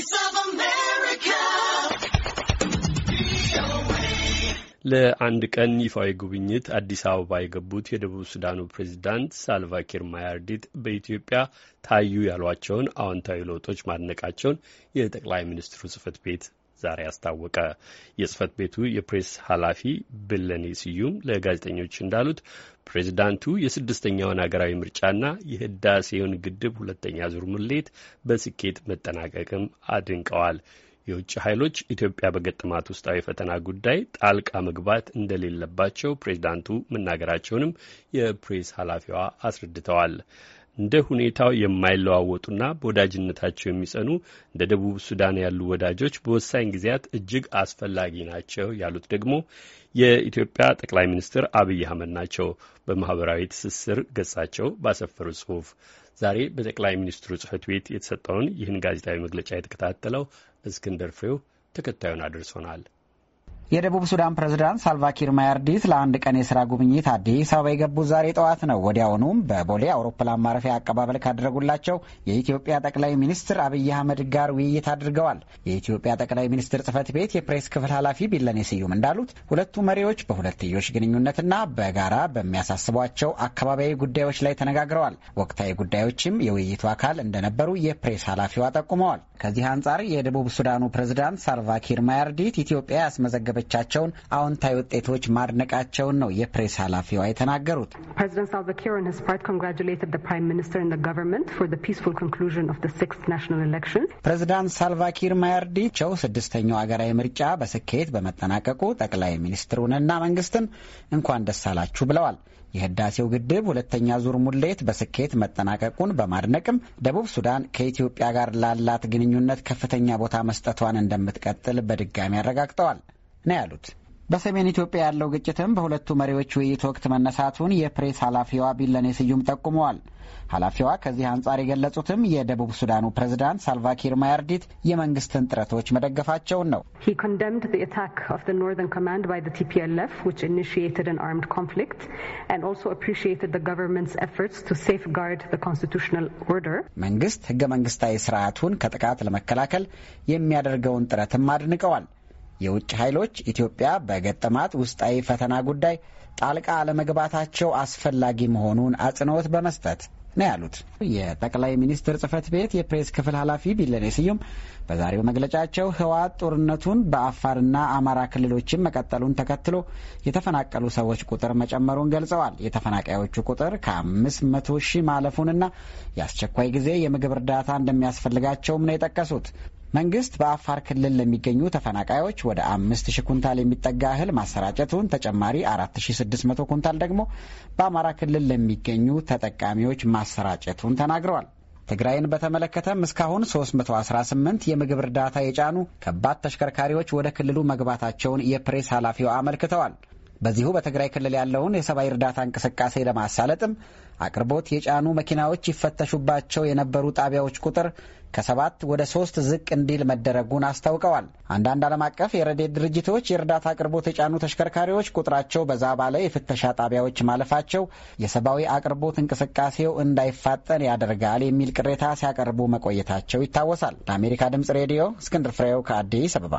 Voice of America. ለአንድ ቀን ይፋዊ ጉብኝት አዲስ አበባ የገቡት የደቡብ ሱዳኑ ፕሬዚዳንት ሳልቫኪር ማያርዲት በኢትዮጵያ ታዩ ያሏቸውን አዎንታዊ ለውጦች ማድነቃቸውን የጠቅላይ ሚኒስትሩ ጽህፈት ቤት ዛሬ አስታወቀ። የጽህፈት ቤቱ የፕሬስ ኃላፊ ብለኔ ስዩም ለጋዜጠኞች እንዳሉት ፕሬዚዳንቱ የስድስተኛውን ሀገራዊ ምርጫና የህዳሴውን ግድብ ሁለተኛ ዙር ሙሌት በስኬት መጠናቀቅም አድንቀዋል። የውጭ ኃይሎች ኢትዮጵያ በገጠማት ውስጣዊ ፈተና ጉዳይ ጣልቃ መግባት እንደሌለባቸው ፕሬዚዳንቱ መናገራቸውንም የፕሬስ ኃላፊዋ አስረድተዋል። እንደ ሁኔታው የማይለዋወጡና በወዳጅነታቸው የሚጸኑ እንደ ደቡብ ሱዳን ያሉ ወዳጆች በወሳኝ ጊዜያት እጅግ አስፈላጊ ናቸው ያሉት ደግሞ የኢትዮጵያ ጠቅላይ ሚኒስትር አብይ አህመድ ናቸው። በማህበራዊ ትስስር ገጻቸው ባሰፈሩ ጽሁፍ ዛሬ በጠቅላይ ሚኒስትሩ ጽህፈት ቤት የተሰጠውን ይህን ጋዜጣዊ መግለጫ የተከታተለው እስክንደር ፍሬው ተከታዩን አድርሶናል። የደቡብ ሱዳን ፕሬዝዳንት ሳልቫኪር ማያርዲት ለአንድ ቀን የስራ ጉብኝት አዲስ አበባ የገቡት ዛሬ ጠዋት ነው። ወዲያውኑም በቦሌ አውሮፕላን ማረፊያ አቀባበል ካደረጉላቸው የኢትዮጵያ ጠቅላይ ሚኒስትር አብይ አህመድ ጋር ውይይት አድርገዋል። የኢትዮጵያ ጠቅላይ ሚኒስትር ጽህፈት ቤት የፕሬስ ክፍል ኃላፊ ቢለኔ ስዩም እንዳሉት ሁለቱ መሪዎች በሁለትዮሽ ግንኙነትና በጋራ በሚያሳስቧቸው አካባቢያዊ ጉዳዮች ላይ ተነጋግረዋል። ወቅታዊ ጉዳዮችም የውይይቱ አካል እንደነበሩ የፕሬስ ኃላፊዋ ጠቁመዋል። ከዚህ አንጻር የደቡብ ሱዳኑ ፕሬዝዳንት ሳልቫኪር ማያርዲት ኢትዮጵያ ያስመዘገበ ያቀረበቻቸውን አዎንታዊ ውጤቶች ማድነቃቸውን ነው የፕሬስ ኃላፊዋ የተናገሩት። ፕሬዚደንት ሳልቫኪር ኦን ሂዝ ፓርት ኮንግራቹሌትድ ዘ ፕራይም ሚኒስተር ኤንድ ዘ ፎር ዘ ፒስፉል ኮንክሉዥን ኦፍ ዘ ሲክስት ናሽናል ኢሌክሽን። ፕሬዚዳንት ሳልቫኪር ማያርዲቸው ስድስተኛው አገራዊ ምርጫ በስኬት በመጠናቀቁ ጠቅላይ ሚኒስትሩንና መንግስትን እንኳን ደስ አላችሁ ብለዋል። የህዳሴው ግድብ ሁለተኛ ዙር ሙሌት በስኬት መጠናቀቁን በማድነቅም ደቡብ ሱዳን ከኢትዮጵያ ጋር ላላት ግንኙነት ከፍተኛ ቦታ መስጠቷን እንደምትቀጥል በድጋሚ አረጋግጠዋል። ነው ያሉት። በሰሜን ኢትዮጵያ ያለው ግጭትም በሁለቱ መሪዎች ውይይት ወቅት መነሳቱን የፕሬስ ኃላፊዋ ቢለኔ ስዩም ጠቁመዋል። ኃላፊዋ ከዚህ አንጻር የገለጹትም የደቡብ ሱዳኑ ፕሬዝዳንት ሳልቫኪር ማያርዲት የመንግስትን ጥረቶች መደገፋቸውን ነው። መንግስት ህገ መንግስታዊ ስርዓቱን ከጥቃት ለመከላከል የሚያደርገውን ጥረትም አድንቀዋል። የውጭ ኃይሎች ኢትዮጵያ በገጠማት ውስጣዊ ፈተና ጉዳይ ጣልቃ አለመግባታቸው አስፈላጊ መሆኑን አጽንኦት በመስጠት ነው ያሉት የጠቅላይ ሚኒስትር ጽህፈት ቤት የፕሬስ ክፍል ኃላፊ ቢለኔ ስዩም በዛሬው መግለጫቸው ህወሓት ጦርነቱን በአፋርና አማራ ክልሎችን መቀጠሉን ተከትሎ የተፈናቀሉ ሰዎች ቁጥር መጨመሩን ገልጸዋል። የተፈናቃዮቹ ቁጥር ከ መቶ ሺህ ማለፉንና የአስቸኳይ ጊዜ የምግብ እርዳታ እንደሚያስፈልጋቸውም ነው የጠቀሱት። መንግስት በአፋር ክልል ለሚገኙ ተፈናቃዮች ወደ አምስት ሺህ ኩንታል የሚጠጋ እህል ማሰራጨቱን፣ ተጨማሪ አራት ሺ ስድስት መቶ ኩንታል ደግሞ በአማራ ክልል ለሚገኙ ተጠቃሚዎች ማሰራጨቱን ተናግረዋል። ትግራይን በተመለከተም እስካሁን 318 የምግብ እርዳታ የጫኑ ከባድ ተሽከርካሪዎች ወደ ክልሉ መግባታቸውን የፕሬስ ኃላፊው አመልክተዋል። በዚሁ በትግራይ ክልል ያለውን የሰብአዊ እርዳታ እንቅስቃሴ ለማሳለጥም አቅርቦት የጫኑ መኪናዎች ይፈተሹባቸው የነበሩ ጣቢያዎች ቁጥር ከሰባት ወደ ሶስት ዝቅ እንዲል መደረጉን አስታውቀዋል። አንዳንድ ዓለም አቀፍ የረዴት ድርጅቶች የእርዳታ አቅርቦት የጫኑ ተሽከርካሪዎች ቁጥራቸው በዛ ባለ የፍተሻ ጣቢያዎች ማለፋቸው የሰብአዊ አቅርቦት እንቅስቃሴው እንዳይፋጠን ያደርጋል የሚል ቅሬታ ሲያቀርቡ መቆየታቸው ይታወሳል። ለአሜሪካ ድምጽ ሬዲዮ እስክንድር ፍሬው ከአዲስ አበባ